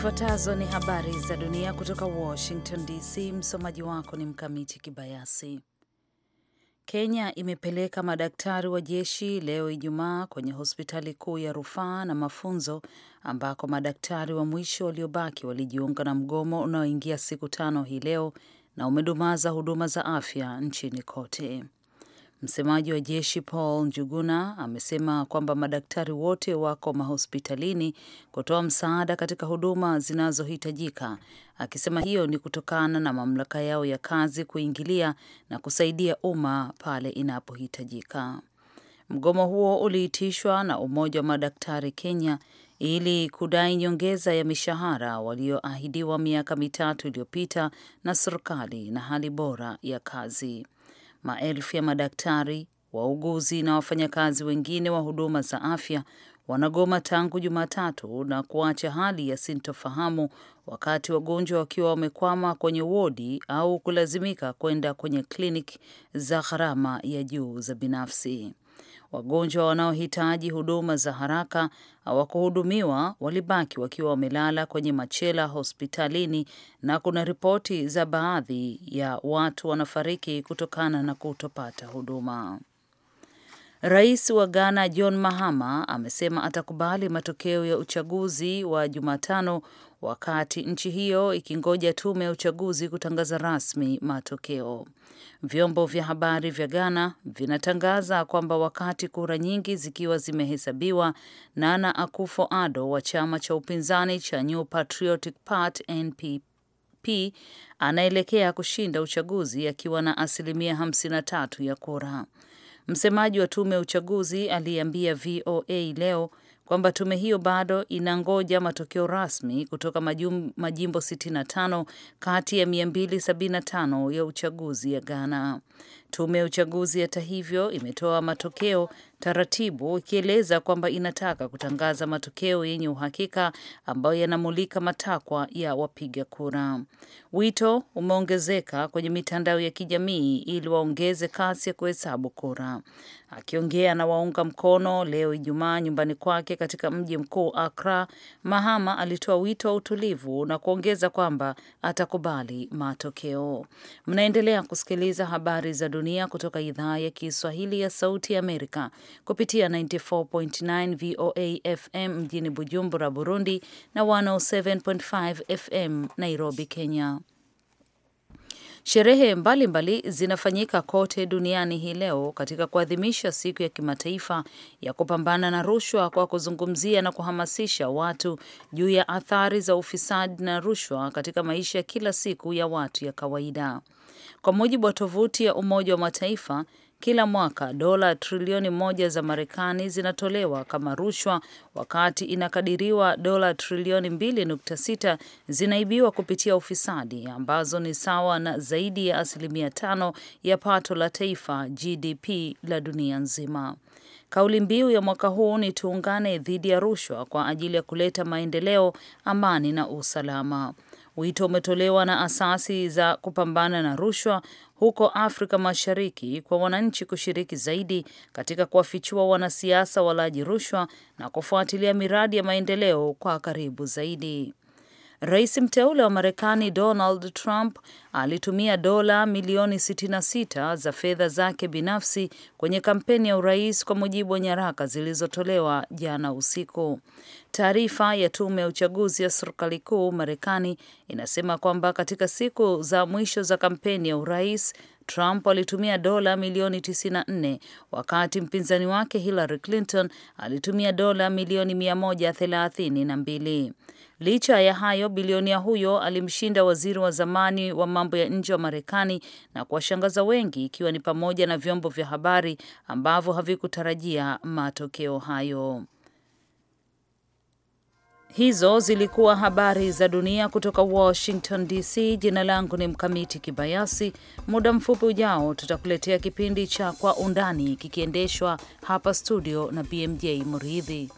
Zifuatazo ni habari za dunia kutoka Washington DC. Msomaji wako ni Mkamiti Kibayasi. Kenya imepeleka madaktari wa jeshi leo Ijumaa kwenye hospitali kuu ya rufaa na mafunzo ambako madaktari wa mwisho waliobaki walijiunga na mgomo unaoingia siku tano hii leo na umedumaza huduma za afya nchini kote. Msemaji wa jeshi Paul Njuguna amesema kwamba madaktari wote wako mahospitalini kutoa msaada katika huduma zinazohitajika, akisema hiyo ni kutokana na mamlaka yao ya kazi kuingilia na kusaidia umma pale inapohitajika. Mgomo huo uliitishwa na Umoja wa Madaktari Kenya ili kudai nyongeza ya mishahara walioahidiwa miaka mitatu iliyopita na serikali na hali bora ya kazi. Maelfu ya madaktari, wauguzi na wafanyakazi wengine wa huduma za afya wanagoma tangu Jumatatu na kuacha hali ya sintofahamu, wakati wagonjwa wakiwa wamekwama kwenye wodi au kulazimika kwenda kwenye kliniki za gharama ya juu za binafsi. Wagonjwa wanaohitaji huduma za haraka hawakuhudumiwa, walibaki wakiwa wamelala kwenye machela hospitalini, na kuna ripoti za baadhi ya watu wanafariki kutokana na kutopata huduma. Rais wa Ghana John Mahama amesema atakubali matokeo ya uchaguzi wa Jumatano wakati nchi hiyo ikingoja tume ya uchaguzi kutangaza rasmi matokeo. Vyombo vya habari vya Ghana vinatangaza kwamba wakati kura nyingi zikiwa zimehesabiwa, Nana akufo ado wa chama cha upinzani cha New Patriotic Party NPP P anaelekea kushinda uchaguzi akiwa na asilimia 53 ya kura. Msemaji wa tume ya uchaguzi aliambia VOA leo kwamba tume hiyo bado inangoja matokeo rasmi kutoka majum, majimbo 65 kati ya 275 ya uchaguzi ya Ghana. Tume ya uchaguzi hata hivyo imetoa matokeo taratibu, ikieleza kwamba inataka kutangaza matokeo yenye uhakika ambayo yanamulika matakwa ya wapiga kura. Wito umeongezeka kwenye mitandao ya kijamii ili waongeze kasi ya kuhesabu kura. Akiongea na waunga mkono leo Ijumaa nyumbani kwake katika mji mkuu Akra, Mahama alitoa wito wa utulivu na kuongeza kwamba atakubali matokeo. Mnaendelea kusikiliza habari za dunia dunia kutoka idhaa ya Kiswahili ya Sauti Amerika kupitia 94.9 VOA FM mjini Bujumbura, Burundi na 107.5 FM Nairobi, Kenya. Sherehe mbalimbali mbali zinafanyika kote duniani hii leo katika kuadhimisha siku ya kimataifa ya kupambana na rushwa kwa kuzungumzia na kuhamasisha watu juu ya athari za ufisadi na rushwa katika maisha ya kila siku ya watu ya kawaida. Kwa mujibu wa tovuti ya Umoja wa Mataifa, kila mwaka dola trilioni moja za Marekani zinatolewa kama rushwa, wakati inakadiriwa dola trilioni 2.6 zinaibiwa kupitia ufisadi, ambazo ni sawa na zaidi ya asilimia tano ya pato la taifa GDP la dunia nzima. Kauli mbiu ya mwaka huu ni tuungane dhidi ya rushwa kwa ajili ya kuleta maendeleo, amani na usalama. Wito umetolewa na asasi za kupambana na rushwa huko Afrika Mashariki kwa wananchi kushiriki zaidi katika kuwafichua wanasiasa walaji rushwa na kufuatilia miradi ya maendeleo kwa karibu zaidi. Rais mteule wa Marekani Donald Trump alitumia dola milioni 66 za fedha zake binafsi kwenye kampeni ya urais kwa mujibu wa nyaraka zilizotolewa jana usiku. Taarifa ya tume ya uchaguzi ya serikali kuu Marekani inasema kwamba katika siku za mwisho za kampeni ya urais, Trump alitumia dola milioni 94 wakati mpinzani wake Hillary Clinton alitumia dola milioni 132. Licha ya hayo, bilionia huyo alimshinda waziri wa zamani wa mambo ya nje wa Marekani na kuwashangaza wengi, ikiwa ni pamoja na vyombo vya habari ambavyo havikutarajia matokeo hayo. Hizo zilikuwa habari za dunia kutoka Washington DC. Jina langu ni Mkamiti Kibayasi. Muda mfupi ujao, tutakuletea kipindi cha Kwa Undani kikiendeshwa hapa studio na BMJ Muridhi.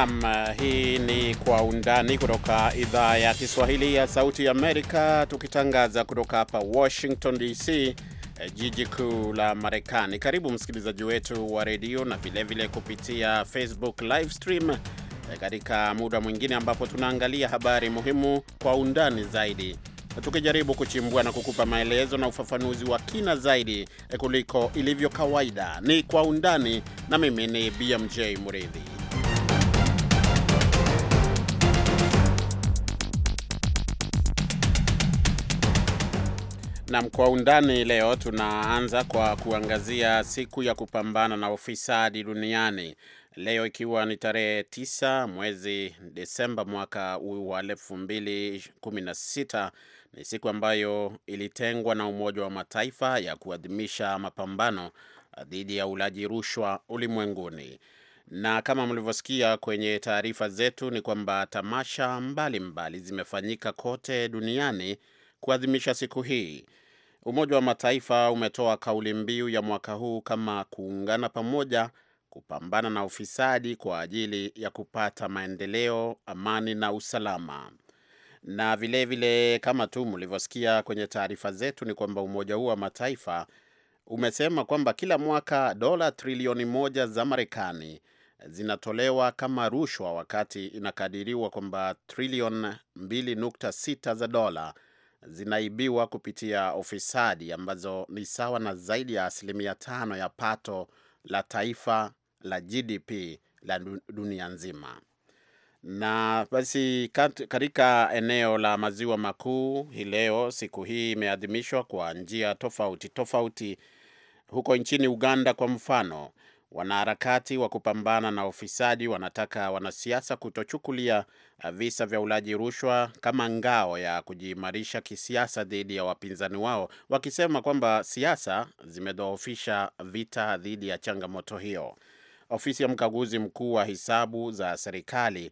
Nam, hii ni Kwa Undani kutoka idhaa ya Kiswahili ya Sauti Amerika, tukitangaza kutoka hapa Washington DC, jiji kuu la Marekani. Karibu msikilizaji wetu wa redio na vilevile kupitia Facebook live stream katika muda mwingine ambapo tunaangalia habari muhimu kwa undani zaidi, tukijaribu kuchimbua na kukupa maelezo na ufafanuzi wa kina zaidi kuliko ilivyo kawaida. Ni Kwa Undani na mimi ni BMJ Muridhi. Nam, kwa undani leo tunaanza kwa kuangazia siku ya kupambana na ufisadi duniani leo ikiwa ni tarehe 9 mwezi Desemba mwaka huu wa 2016. Ni siku ambayo ilitengwa na Umoja wa Mataifa ya kuadhimisha mapambano uh, dhidi ya ulaji rushwa ulimwenguni na kama mlivyosikia kwenye taarifa zetu ni kwamba tamasha mbalimbali mbali zimefanyika kote duniani kuadhimisha siku hii. Umoja wa Mataifa umetoa kauli mbiu ya mwaka huu kama kuungana pamoja kupambana na ufisadi kwa ajili ya kupata maendeleo, amani na usalama. Na vilevile vile, kama tu mlivyosikia kwenye taarifa zetu, ni kwamba umoja huu wa Mataifa umesema kwamba kila mwaka dola trilioni moja za Marekani zinatolewa kama rushwa, wakati inakadiriwa kwamba trilioni 2.6 za dola zinaibiwa kupitia ufisadi ambazo ni sawa na zaidi ya asilimia tano ya pato la taifa la GDP la dunia nzima. Na basi katika eneo la maziwa makuu hii leo, siku hii imeadhimishwa kwa njia tofauti tofauti. Huko nchini Uganda kwa mfano, Wanaharakati wa kupambana na ufisadi wanataka wanasiasa kutochukulia uh, visa vya ulaji rushwa kama ngao ya kujiimarisha kisiasa dhidi ya wapinzani wao, wakisema kwamba siasa zimedhoofisha vita dhidi ya changamoto hiyo. Ofisi ya mkaguzi mkuu wa hisabu za serikali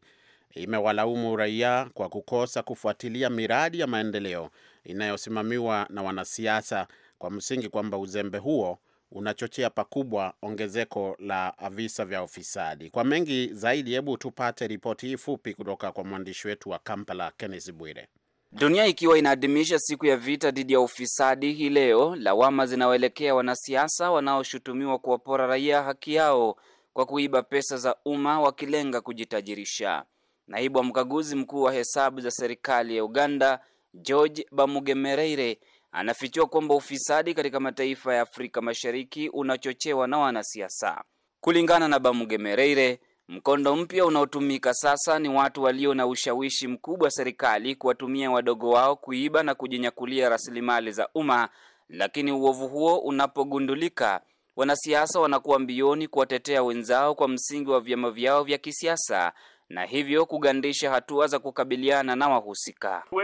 imewalaumu raia kwa kukosa kufuatilia miradi ya maendeleo inayosimamiwa na wanasiasa kwa msingi kwamba uzembe huo unachochea pakubwa ongezeko la visa vya ufisadi. Kwa mengi zaidi, hebu tupate ripoti hii fupi kutoka kwa mwandishi wetu wa Kampala, Kenneth Bwire. Dunia ikiwa inaadhimisha siku ya vita dhidi ya ufisadi hii leo, lawama zinaoelekea wanasiasa wanaoshutumiwa kuwapora raia haki yao kwa kuiba pesa za umma wakilenga kujitajirisha. Naibu wa mkaguzi mkuu wa hesabu za serikali ya Uganda George Bamugemereire anafichua kwamba ufisadi katika mataifa ya Afrika Mashariki unachochewa na wanasiasa. Kulingana na Bamuge Mereire, mkondo mpya unaotumika sasa ni watu walio na ushawishi mkubwa serikali kuwatumia wadogo wao kuiba na kujinyakulia rasilimali za umma, lakini uovu huo unapogundulika, wanasiasa wanakuwa mbioni kuwatetea wenzao kwa msingi wa vyama vyao vya kisiasa na hivyo kugandisha hatua za kukabiliana na wahusika. Uh,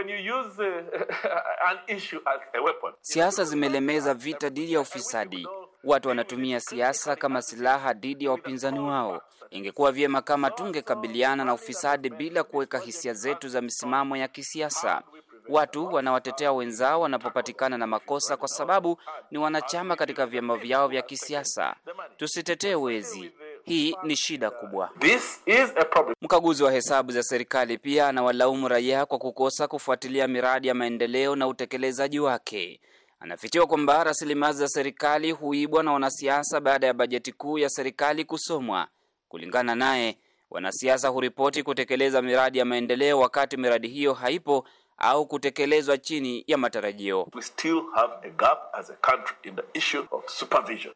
uh, siasa zimelemeza vita dhidi ya ufisadi. Watu wanatumia siasa kama silaha dhidi ya wapinzani wao. Ingekuwa vyema kama tungekabiliana na ufisadi bila kuweka hisia zetu za misimamo ya kisiasa. Watu wanawatetea wenzao wanapopatikana na makosa kwa sababu ni wanachama katika vyama vyao vya kisiasa. Tusitetee wezi, hii ni shida kubwa. This is a problem. Mkaguzi wa hesabu za serikali pia anawalaumu raia kwa kukosa kufuatilia miradi ya maendeleo na utekelezaji wake. Anafichua kwamba rasilimali za serikali huibwa na wanasiasa baada ya bajeti kuu ya serikali kusomwa. Kulingana naye, wanasiasa huripoti kutekeleza miradi ya maendeleo wakati miradi hiyo haipo au kutekelezwa chini ya matarajio.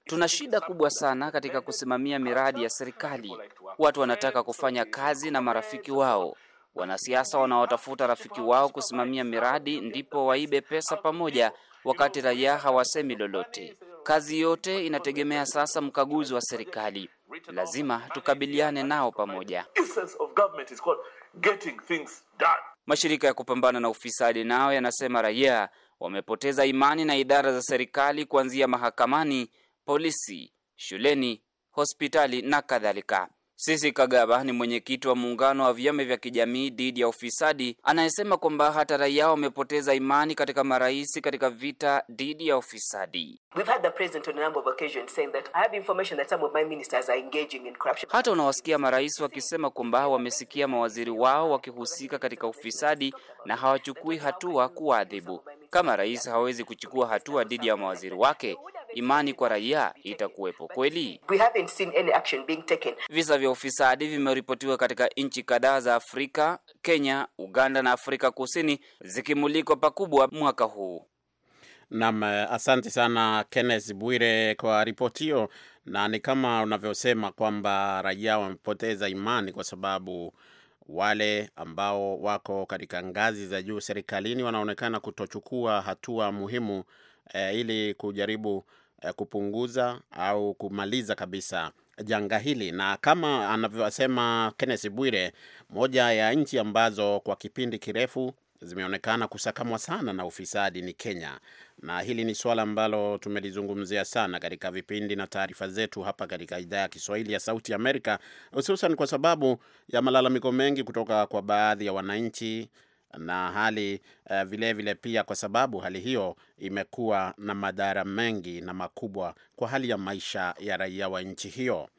Tuna shida kubwa sana katika kusimamia miradi ya serikali. Watu wanataka kufanya kazi na marafiki wao. Wanasiasa wanaotafuta rafiki wao kusimamia miradi ndipo waibe pesa pamoja, wakati raia hawasemi lolote. Kazi yote inategemea sasa mkaguzi wa serikali. Lazima tukabiliane nao pamoja. Mashirika ya kupambana na ufisadi nao yanasema raia wamepoteza imani na idara za serikali kuanzia mahakamani, polisi, shuleni, hospitali na kadhalika. Sisi Kagaba ni mwenyekiti wa muungano wa vyama vya kijamii dhidi ya ufisadi, anayesema kwamba hata raia wamepoteza imani katika marais katika vita dhidi ya ufisadi. Hata unawasikia marais wakisema kwamba wamesikia mawaziri wao wakihusika katika ufisadi na hawachukui hatua kuwaadhibu. Kama rais hawezi kuchukua hatua dhidi ya mawaziri wake, imani kwa raia itakuwepo kweli? Visa vya ufisadi vimeripotiwa katika nchi kadhaa za Afrika, Kenya, Uganda na Afrika Kusini zikimulikwa pakubwa mwaka huu. Nam, asante sana Kenneth Bwire kwa ripoti hiyo, na ni kama unavyosema kwamba raia wamepoteza imani kwa sababu wale ambao wako katika ngazi za juu serikalini wanaonekana kutochukua hatua muhimu e, ili kujaribu e, kupunguza au kumaliza kabisa janga hili. Na kama anavyosema Kenneth Bwire, moja ya nchi ambazo kwa kipindi kirefu zimeonekana kusakamwa sana na ufisadi ni Kenya na hili ni suala ambalo tumelizungumzia sana katika vipindi na taarifa zetu hapa katika idhaa ya Kiswahili ya Sauti Amerika, hususan kwa sababu ya malalamiko mengi kutoka kwa baadhi ya wananchi na hali vilevile eh, uh, vile pia kwa sababu hali hiyo imekuwa na madhara mengi na makubwa kwa hali ya maisha ya raia wa nchi hiyo.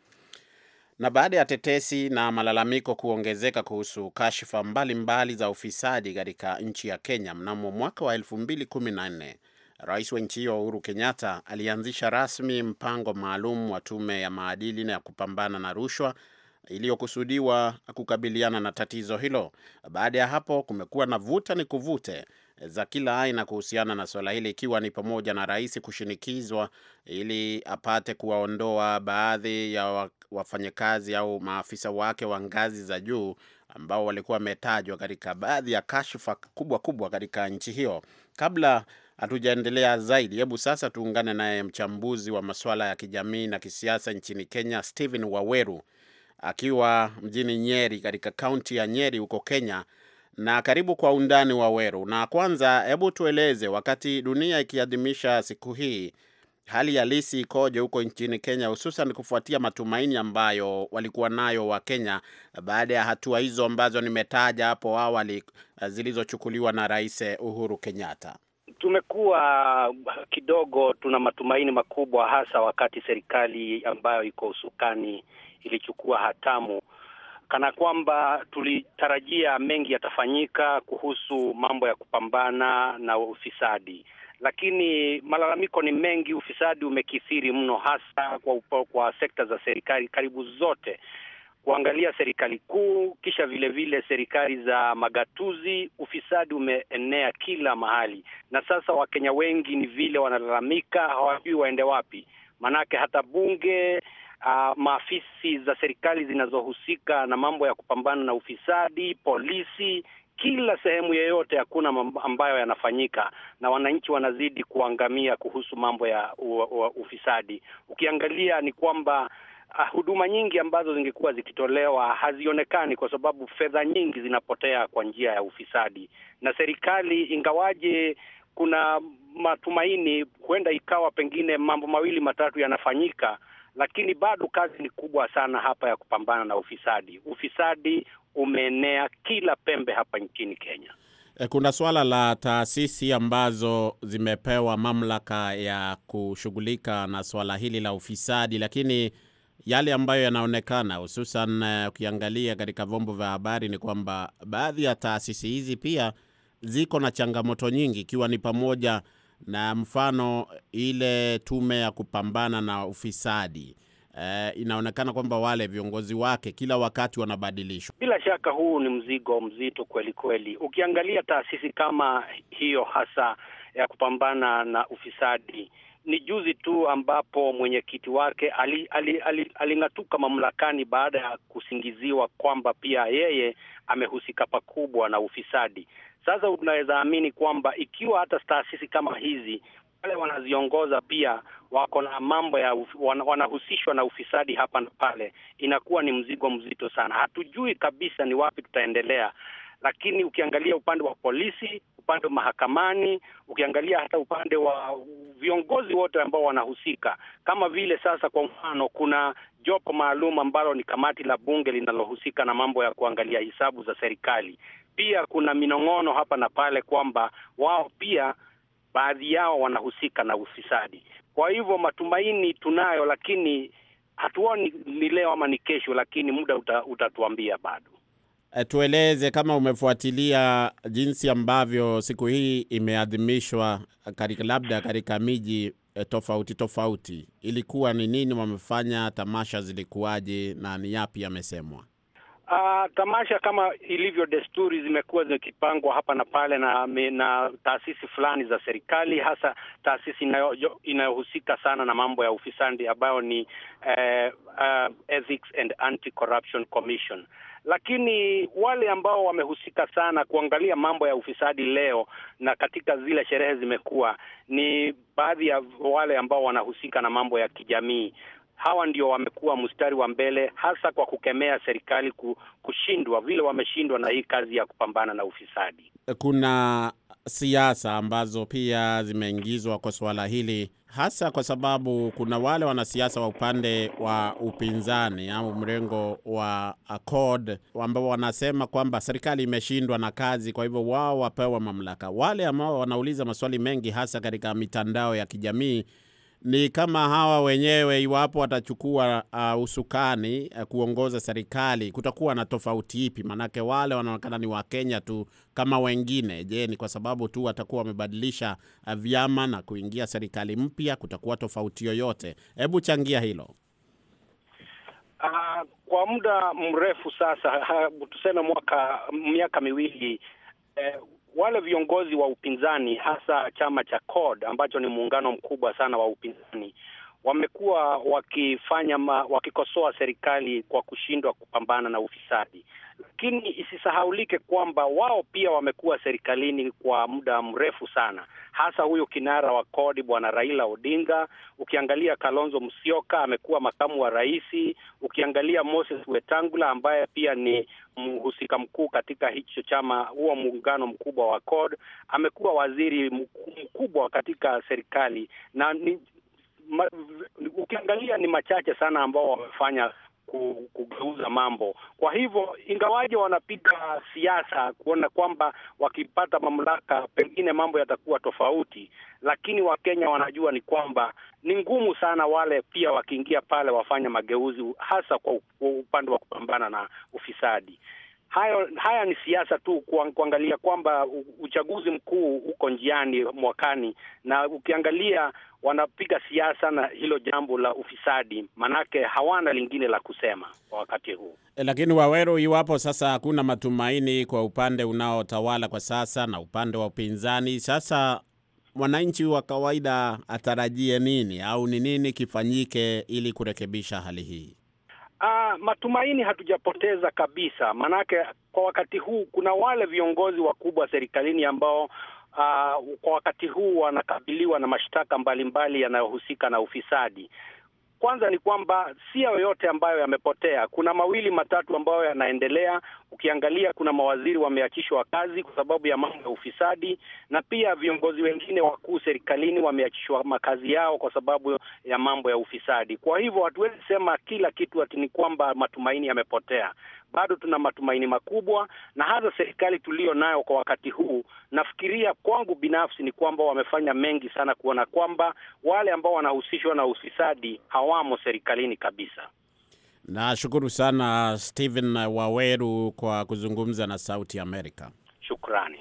Na baada ya tetesi na malalamiko kuongezeka kuhusu kashfa mbalimbali za ufisadi katika nchi ya Kenya mnamo mwaka wa 2014 Rais wa nchi hiyo Uhuru Kenyatta alianzisha rasmi mpango maalum wa tume ya maadili na ya kupambana na rushwa iliyokusudiwa kukabiliana na tatizo hilo. Baada ya hapo, kumekuwa na vuta ni kuvute za kila aina kuhusiana na swala hili, ikiwa ni pamoja na rais kushinikizwa ili apate kuwaondoa baadhi ya wafanyakazi au maafisa wake wa ngazi za juu ambao walikuwa wametajwa katika baadhi ya kashfa kubwa kubwa katika nchi hiyo. Kabla hatujaendelea zaidi. Hebu sasa tuungane naye mchambuzi wa masuala ya kijamii na kisiasa nchini Kenya, Stephen Waweru akiwa mjini Nyeri katika kaunti ya Nyeri huko Kenya. Na karibu kwa undani Waweru, na kwanza hebu tueleze, wakati dunia ikiadhimisha siku hii, hali halisi ikoje huko nchini Kenya, hususan kufuatia matumaini ambayo walikuwa nayo Wakenya baada ya hatua hizo ambazo nimetaja hapo awali zilizochukuliwa na Rais Uhuru Kenyatta? tumekuwa kidogo tuna matumaini makubwa, hasa wakati serikali ambayo iko usukani ilichukua hatamu, kana kwamba tulitarajia mengi yatafanyika kuhusu mambo ya kupambana na ufisadi, lakini malalamiko ni mengi. Ufisadi umekithiri mno, hasa kwa, kwa sekta za serikali karibu zote, kuangalia serikali kuu, kisha vile vile serikali za magatuzi. Ufisadi umeenea kila mahali, na sasa Wakenya wengi ni vile wanalalamika, hawajui waende wapi, manake hata bunge Uh, maafisi za serikali zinazohusika na mambo ya kupambana na ufisadi, polisi, kila sehemu yeyote hakuna ambayo yanafanyika, na wananchi wanazidi kuangamia kuhusu mambo ya u, u, ufisadi. Ukiangalia ni kwamba uh, huduma nyingi ambazo zingekuwa zikitolewa hazionekani kwa sababu fedha nyingi zinapotea kwa njia ya ufisadi, na serikali ingawaje kuna matumaini, huenda ikawa pengine mambo mawili matatu yanafanyika, lakini bado kazi ni kubwa sana hapa ya kupambana na ufisadi. Ufisadi umeenea kila pembe hapa nchini Kenya. Eh, kuna suala la taasisi ambazo zimepewa mamlaka ya kushughulika na swala hili la ufisadi, lakini yale ambayo yanaonekana hususan eh, ukiangalia uh, katika vyombo vya habari ni kwamba baadhi ya taasisi hizi pia ziko na changamoto nyingi, ikiwa ni pamoja na mfano ile tume ya kupambana na ufisadi. Uh, inaonekana kwamba wale viongozi wake kila wakati wanabadilishwa. Bila shaka huu ni mzigo mzito kweli kweli. Ukiangalia taasisi kama hiyo hasa ya kupambana na ufisadi ni juzi tu ambapo mwenyekiti wake aling'atuka ali, ali, ali mamlakani baada ya kusingiziwa kwamba pia yeye amehusika pakubwa na ufisadi. Sasa unaweza amini kwamba ikiwa hata taasisi kama hizi wale wanaziongoza pia wako na mambo ya wanahusishwa na ufisadi hapa na pale, inakuwa ni mzigo mzito sana. Hatujui kabisa ni wapi tutaendelea, lakini ukiangalia upande wa polisi, upande wa mahakamani, ukiangalia hata upande wa viongozi wote ambao wanahusika, kama vile sasa, kwa mfano, kuna jopo maalum ambalo ni kamati la bunge linalohusika na mambo ya kuangalia hisabu za serikali. Pia kuna minong'ono hapa na pale kwamba wao pia baadhi yao wanahusika na ufisadi. Kwa hivyo matumaini tunayo, lakini hatuoni ni leo ama ni kesho, lakini muda uta, utatuambia bado. Eh, tueleze kama umefuatilia jinsi ambavyo siku hii imeadhimishwa katika labda katika miji eh, tofauti tofauti, ilikuwa ni nini wamefanya? Tamasha zilikuwaje na ni yapi yamesemwa? Uh, tamasha kama ilivyo desturi zimekuwa zikipangwa hapa na pale na, na taasisi fulani za serikali, hasa taasisi inayohusika sana na mambo ya ufisadi ambayo ni uh, uh, Ethics and Anti-Corruption Commission lakini wale ambao wamehusika sana kuangalia mambo ya ufisadi leo na katika zile sherehe zimekuwa ni baadhi ya wale ambao wanahusika na mambo ya kijamii. Hawa ndio wamekuwa mstari wa mbele hasa kwa kukemea serikali kushindwa vile wameshindwa na hii kazi ya kupambana na ufisadi. Kuna siasa ambazo pia zimeingizwa kwa suala hili, hasa kwa sababu kuna wale wanasiasa wa upande wa upinzani au mrengo wa CORD ambao wanasema kwamba serikali imeshindwa na kazi, kwa hivyo wao wapewa mamlaka. Wale ambao wanauliza maswali mengi, hasa katika mitandao ya kijamii ni kama hawa wenyewe, iwapo watachukua uh, usukani uh, kuongoza serikali, kutakuwa na tofauti ipi? Maanake wale wanaonekana ni Wakenya tu kama wengine. Je, ni kwa sababu tu watakuwa wamebadilisha uh, vyama na kuingia serikali mpya, kutakuwa tofauti yoyote? Hebu changia hilo. Uh, kwa muda mrefu sasa, uh, tuseme mwaka miaka miwili uh, wale viongozi wa upinzani hasa chama cha CORD ambacho ni muungano mkubwa sana wa upinzani wamekuwa wakifanya ma, wakikosoa serikali kwa kushindwa kupambana na ufisadi, lakini isisahaulike kwamba wao pia wamekuwa serikalini kwa muda mrefu sana, hasa huyu kinara wa kodi bwana Raila Odinga. Ukiangalia Kalonzo Musyoka amekuwa makamu wa rais, ukiangalia Moses Wetangula ambaye pia ni mhusika mkuu katika hicho chama, huo muungano mkubwa wa CORD, amekuwa waziri mkubwa katika serikali na ni, ma, ukiangalia ni machache sana ambao wamefanya kugeuza mambo. Kwa hivyo, ingawaje wanapiga siasa kuona kwamba wakipata mamlaka pengine mambo yatakuwa tofauti, lakini Wakenya wanajua ni kwamba ni ngumu sana wale pia wakiingia pale wafanya mageuzi, hasa kwa upande wa kupambana na ufisadi hayo, haya ni siasa tu, kuangalia kwamba uchaguzi mkuu uko njiani mwakani, na ukiangalia wanapiga siasa na hilo jambo la ufisadi, manake hawana lingine la kusema kwa wakati huu. Eh, lakini Wawero, iwapo sasa hakuna matumaini kwa upande unaotawala kwa sasa na upande wa upinzani, sasa mwananchi wa kawaida atarajie nini au ni nini kifanyike ili kurekebisha hali hii? Uh, matumaini hatujapoteza kabisa, maanake kwa wakati huu kuna wale viongozi wakubwa serikalini ambao uh, kwa wakati huu wanakabiliwa na mashtaka mbalimbali yanayohusika na ufisadi. Kwanza ni kwamba si yoyote ambayo yamepotea. Kuna mawili matatu ambayo yanaendelea. Ukiangalia kuna mawaziri wameachishwa kazi kwa sababu ya mambo ya ufisadi, na pia viongozi wengine wakuu serikalini wameachishwa makazi yao kwa sababu ya mambo ya ufisadi. Kwa hivyo hatuwezi sema kila kitu ati ni kwamba matumaini yamepotea. Bado tuna matumaini makubwa, na hata serikali tuliyo nayo kwa wakati huu, nafikiria kwangu binafsi ni kwamba wamefanya mengi sana kuona kwamba wale ambao wanahusishwa na ufisadi hawamo serikalini kabisa. Nashukuru sana Stephen Waweru kwa kuzungumza na Sauti Amerika. Shukrani.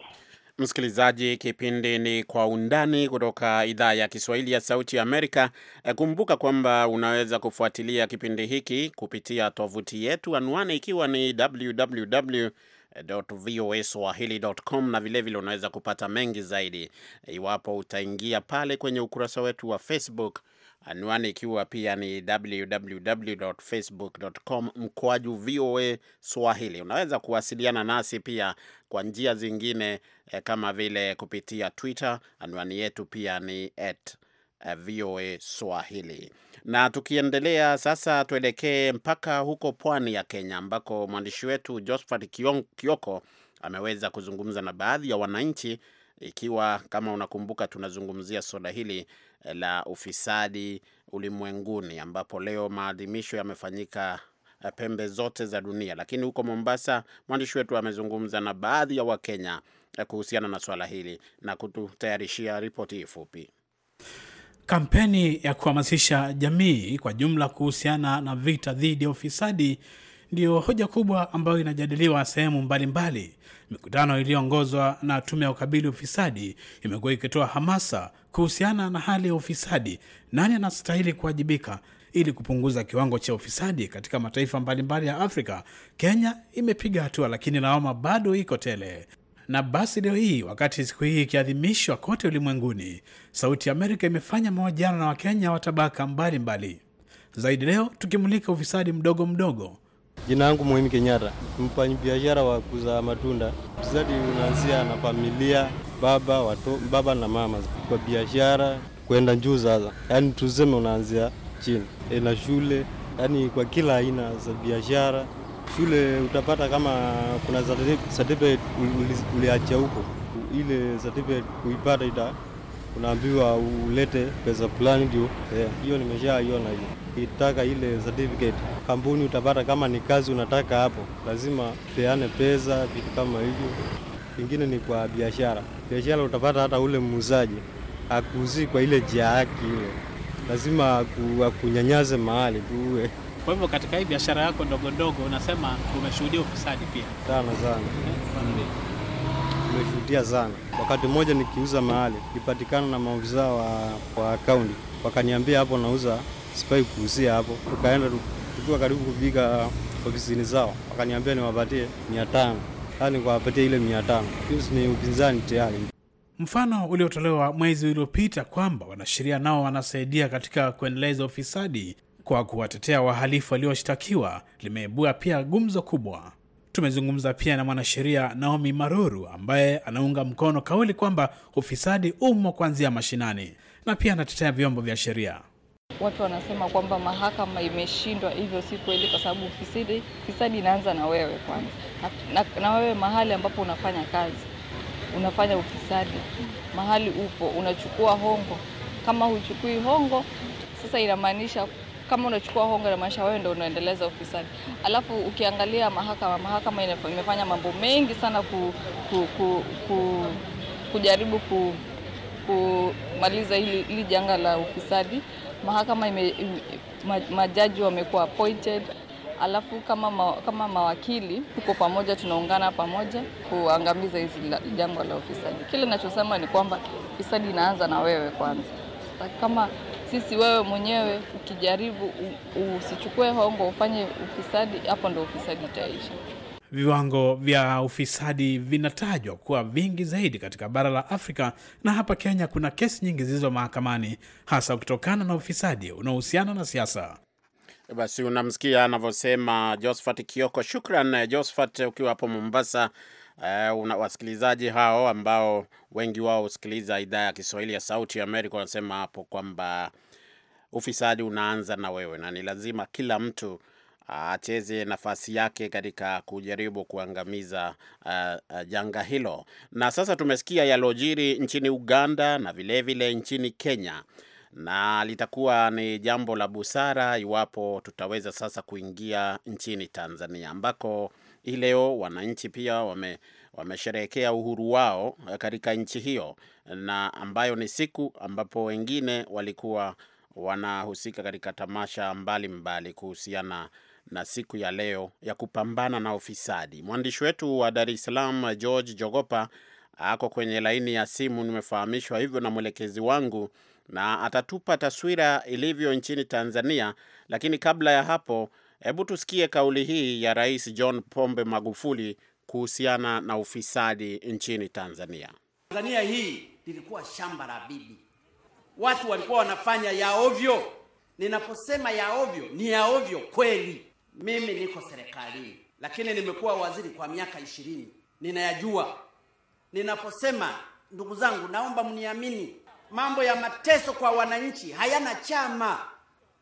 Msikilizaji, kipindi ni Kwa Undani kutoka idhaa ya Kiswahili ya Sauti ya Amerika. Eh, kumbuka kwamba unaweza kufuatilia kipindi hiki kupitia tovuti yetu, anwani ikiwa ni www voa na vilevile vile unaweza kupata mengi zaidi iwapo utaingia pale kwenye ukurasa wetu wa Facebook anwani ikiwa pia ni www.facebook.com mkoaju VOA Swahili. Unaweza kuwasiliana nasi pia kwa njia zingine eh, kama vile kupitia Twitter. Anwani yetu pia ni at eh, VOA Swahili. Na tukiendelea sasa, tuelekee mpaka huko pwani ya Kenya ambako mwandishi wetu Josphat Kioko ameweza kuzungumza na baadhi ya wananchi, ikiwa kama unakumbuka, tunazungumzia suala hili la ufisadi ulimwenguni, ambapo leo maadhimisho yamefanyika eh, pembe zote za dunia. Lakini huko Mombasa, mwandishi wetu amezungumza na baadhi ya Wakenya eh, kuhusiana na swala hili na kututayarishia ripoti hii fupi. Kampeni ya kuhamasisha jamii kwa jumla kuhusiana na vita dhidi ya ufisadi ndiyo hoja kubwa ambayo inajadiliwa sehemu mbalimbali. Mikutano iliyoongozwa na tume ya ukabili ufisadi imekuwa ikitoa hamasa kuhusiana na hali ya ufisadi, nani anastahili kuwajibika ili kupunguza kiwango cha ufisadi katika mataifa mbalimbali ya Afrika. Kenya imepiga hatua, lakini lawama bado iko tele. Na basi leo hii, wakati siku hii ikiadhimishwa kote ulimwenguni, Sauti ya Amerika imefanya mahojiano na Wakenya wa tabaka mbalimbali zaidi, leo tukimulika ufisadi mdogo mdogo Jina langu Muhimu Kenyatta, mfanyabiashara wa kuuza matunda. Mzazi unaanzia na familia, baba watu, baba na mama kwa biashara kwenda juu. Sasa yaani tuseme unaanzia chini e, na shule yaani kwa kila aina za biashara. Shule utapata kama kuna certificate uliacha huko, ile certificate kuipata ita unaambiwa ulete pesa fulani ndio. Eh, hiyo yeah, nimeshaiona hiyo ukitaka ile certificate kampuni utapata, kama ni kazi unataka hapo lazima peane pesa, vitu kama hivyo. Kingine ni kwa biashara. Biashara utapata hata ule muuzaji akuuzii kwa ile jia yake ile, lazima akunyanyaze mahali tu kwa hivyo katika hii biashara yako ndogo ndogo unasema umeshuhudia ufisadi pia? Sana sana, umeshuhudia sana. Wakati mmoja nikiuza mahali, nipatikana na maofisa wa akaunti, wakaniambia hapo nauza sipai kuuzia hapo. Tukaenda tukiwa karibu kupiga ofisini zao, wakaniambia niwapatie mia tano yaani nikawapatia ile mia tano ni upinzani tayari. Mfano uliotolewa mwezi uliopita kwamba wanasheria nao wanasaidia katika kuendeleza ufisadi kwa kuwatetea wahalifu walioshtakiwa limeibua pia gumzo kubwa. Tumezungumza pia na mwanasheria Naomi Maruru ambaye anaunga mkono kauli kwamba ufisadi umo kuanzia mashinani na pia anatetea vyombo vya sheria. Watu wanasema kwamba mahakama imeshindwa, hivyo si kweli, kwa sababu ufisadi, fisadi inaanza na wewe kwanza na, na, na wewe mahali ambapo unafanya kazi unafanya ufisadi, mahali upo unachukua hongo. Kama huchukui hongo, sasa inamaanisha kama unachukua hongo, inamaanisha wewe ndio unaendeleza ufisadi. Alafu ukiangalia mahakama, mahakama imefanya mambo mengi sana ku, ku, ku, ku, kujaribu ku, kumaliza hili, hili janga la ufisadi mahakama ime, majaji wamekuwa appointed alafu kama, ma, kama mawakili tuko pamoja, tunaungana pamoja kuangamiza hizi jangwa la ufisadi. Kile ninachosema ni kwamba ufisadi inaanza na wewe kwanza. Kama sisi wewe mwenyewe ukijaribu usichukue hongo ufanye ufisadi, hapo ndo ufisadi itaisha. Viwango vya ufisadi vinatajwa kuwa vingi zaidi katika bara la Afrika na hapa Kenya kuna kesi nyingi zilizo mahakamani hasa kutokana na ufisadi unaohusiana na siasa. Basi unamsikia anavyosema josphat Kioko. Shukran eh, josphat ukiwa hapo Mombasa. Uh, una wasikilizaji hao ambao wengi wao husikiliza idhaa ya Kiswahili ya Sauti ya Amerika wanasema hapo kwamba ufisadi unaanza na wewe na ni lazima kila mtu acheze nafasi yake katika kujaribu kuangamiza uh, janga hilo. Na sasa tumesikia yalojiri nchini Uganda na vilevile vile nchini Kenya na litakuwa ni jambo la busara iwapo tutaweza sasa kuingia nchini Tanzania ambako hii leo wananchi pia wame wamesherehekea uhuru wao eh, katika nchi hiyo, na ambayo ni siku ambapo wengine walikuwa wanahusika katika tamasha mbalimbali mbali kuhusiana na siku ya leo ya kupambana na ufisadi. Mwandishi wetu wa Dar es Salaam George Jogopa ako kwenye laini ya simu, nimefahamishwa hivyo na mwelekezi wangu, na atatupa taswira ilivyo nchini Tanzania. Lakini kabla ya hapo, hebu tusikie kauli hii ya Rais John Pombe Magufuli kuhusiana na ufisadi nchini Tanzania. Tanzania hii lilikuwa shamba la bibi, watu walikuwa wanafanya ya ovyo. Ninaposema ya ovyo, ni ya ovyo kweli. Mimi niko serikalini, lakini nimekuwa waziri kwa miaka ishirini, ninayajua. Ninaposema ndugu zangu, naomba mniamini, mambo ya mateso kwa wananchi hayana chama.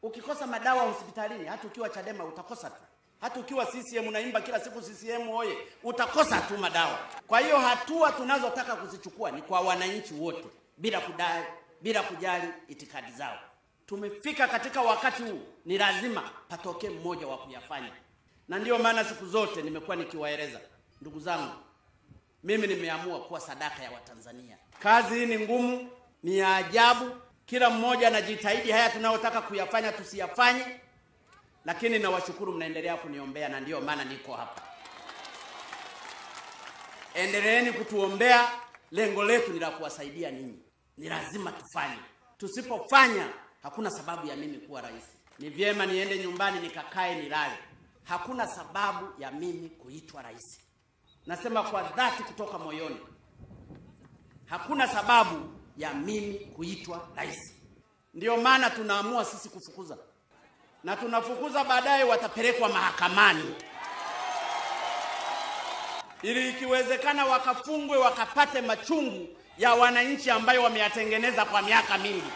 Ukikosa madawa hospitalini, hata ukiwa Chadema utakosa tu, hata ukiwa CCM unaimba kila siku CCM oye, utakosa tu madawa. Kwa hiyo hatua tunazotaka kuzichukua ni kwa wananchi wote, bila kudai, bila kujali itikadi zao tumefika katika wakati huu, ni lazima patokee mmoja wa kuyafanya, na ndiyo maana siku zote nimekuwa nikiwaeleza ndugu zangu, mimi nimeamua kuwa sadaka ya Watanzania. Kazi hii ni ngumu, ni ya ajabu, kila mmoja anajitahidi. Haya tunayotaka kuyafanya tusiyafanye, lakini nawashukuru, mnaendelea kuniombea, na ndiyo maana niko hapa. Endeleeni kutuombea, lengo letu ni la kuwasaidia ninyi, ni lazima tufanye. Tusipofanya Hakuna sababu ya mimi kuwa rais. Ni vyema niende nyumbani nikakae nilale. Hakuna sababu ya mimi kuitwa rais. Nasema kwa dhati kutoka moyoni, hakuna sababu ya mimi kuitwa rais. Ndiyo maana tunaamua sisi kufukuza, na tunafukuza, baadaye watapelekwa mahakamani ili ikiwezekana wakafungwe wakapate machungu ya wananchi ambayo wameyatengeneza kwa miaka mingi.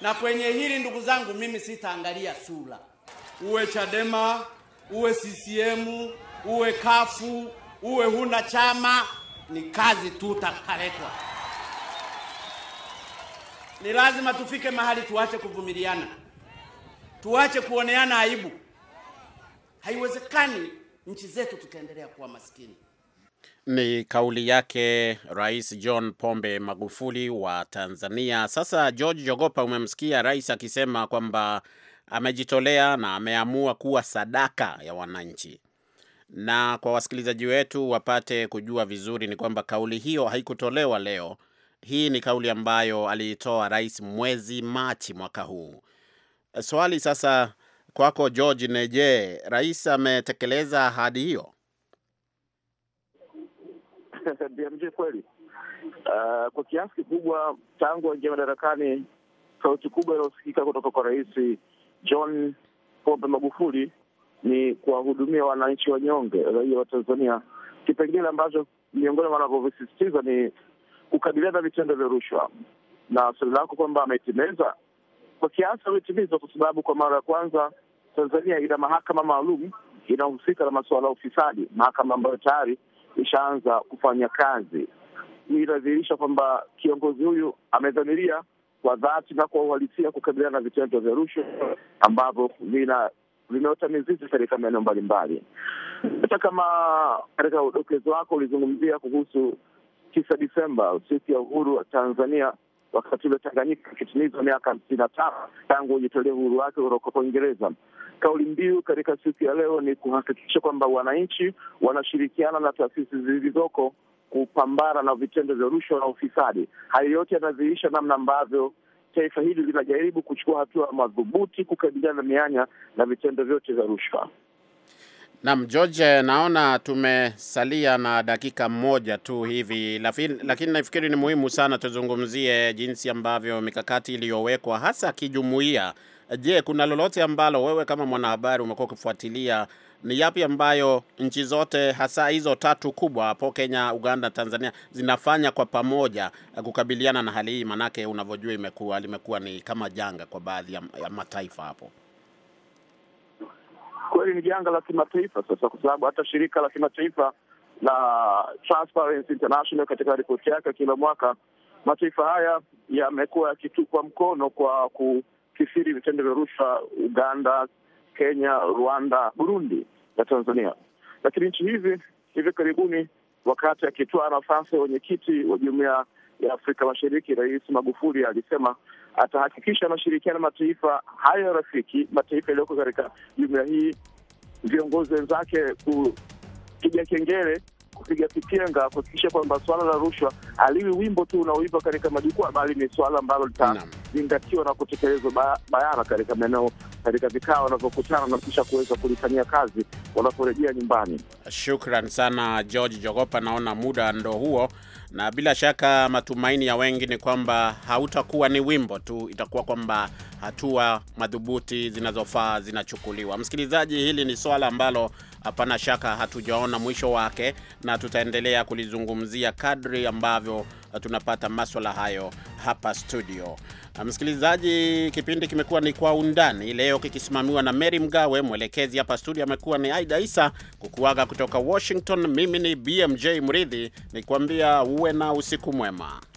Na kwenye hili ndugu zangu, mimi sitaangalia sura, uwe Chadema, uwe CCM, uwe kafu, uwe huna chama, ni kazi tu utakaletwa. Ni lazima tufike mahali tuache kuvumiliana, tuache kuoneana aibu. Haiwezekani nchi zetu tukaendelea kuwa maskini. Ni kauli yake Rais John Pombe Magufuli wa Tanzania. Sasa George Jogopa, umemsikia rais akisema kwamba amejitolea na ameamua kuwa sadaka ya wananchi. Na kwa wasikilizaji wetu wapate kujua vizuri, ni kwamba kauli hiyo haikutolewa leo. Hii ni kauli ambayo aliitoa rais mwezi Machi mwaka huu. Swali sasa kwako George, neje, rais ametekeleza ahadi hiyo? bmj kweli, uh, kwa kiasi kikubwa tangu aingia madarakani, sauti kubwa iliyosikika kutoka kwa Rais John Pombe Magufuli ni kuwahudumia wananchi wanyonge, raia wa Tanzania, kipengele ambacho miongoni mwa wanavyovisisitiza ni kukabiliana na vitendo vya rushwa. Na swali lako kwamba ametimiza, kwa kiasi ametimiza, kwa sababu kwa mara ya kwanza Tanzania ina mahakama maalum inahusika na masuala ya ufisadi, mahakama ambayo tayari ishaanza kufanya kazi. Hii inadhihirisha kwamba kiongozi huyu amedhamiria kwa dhati na kwa uhalisia kukabiliana na vitendo vya rushwa ambavyo vina vimeota mizizi katika maeneo mbalimbali. Hata kama katika udokezo wako ulizungumzia kuhusu tisa Desemba, siku ya uhuru wa Tanzania, wakati ule Tanganyika ikitimiza miaka hamsini na tano tangu ujitolee uhuru wake kutoka kwa Uingereza. Kauli mbiu katika siku ya leo ni kuhakikisha kwamba wananchi wanashirikiana na taasisi zilizoko kupambana na vitendo vya rushwa na ufisadi. Hayo yote yanadhihirisha namna ambavyo taifa hili linajaribu kuchukua hatua madhubuti kukabiliana na mianya na vitendo vyote vya rushwa. Naam, George, eh, naona tumesalia na dakika moja tu hivi, lakini nafikiri ni muhimu sana tuzungumzie jinsi ambavyo mikakati iliyowekwa hasa kijumuiya. Je, kuna lolote ambalo wewe kama mwanahabari umekuwa ukifuatilia? Ni yapi ambayo nchi zote hasa hizo tatu kubwa hapo Kenya, Uganda, Tanzania zinafanya kwa pamoja eh, kukabiliana na hali hii? Manake unavyojua imekuwa limekuwa ni kama janga kwa baadhi ya mataifa hapo kweli ni janga la kimataifa sasa, kwa sababu hata shirika la kimataifa la Transparency International katika ripoti yake kila mwaka, mataifa haya yamekuwa yakitupwa mkono kwa kukithiri vitendo vya rushwa: Uganda, Kenya, Rwanda, Burundi na Tanzania. Lakini nchi hizi hivi karibuni, wakati akitoa nafasi ya wenyekiti wa jumuiya ya Afrika Mashariki, Rais Magufuli alisema atahakikisha anashirikiana mataifa hayo rafiki, mataifa yaliyoko katika jumuiya hii viongozi wenzake kupiga kengele, kupiga kitenga, kuhakikisha kwamba swala la rushwa aliwi wimbo tu unaoimba katika majukwaa, bali ni swala ambalo litazingatiwa na kutekelezwa bayana katika maeneo, katika vikao wanavyokutana na kisha kuweza kulifanyia kazi wanaporejea nyumbani. Shukran sana George Jogopa, naona muda ndo huo, na bila shaka matumaini ya wengi ni kwamba hautakuwa ni wimbo tu, itakuwa kwamba hatua madhubuti zinazofaa zinachukuliwa. Msikilizaji, hili ni swala ambalo hapana shaka hatujaona mwisho wake, na tutaendelea kulizungumzia kadri ambavyo tunapata maswala hayo hapa studio. Msikilizaji, kipindi kimekuwa ni Kwa Undani leo kikisimamiwa na Mary Mgawe, mwelekezi hapa studio amekuwa ni Aida Isa kukuaga kutoka Washington. Mimi ni BMJ Mridhi, ni kuambia uwe na usiku mwema.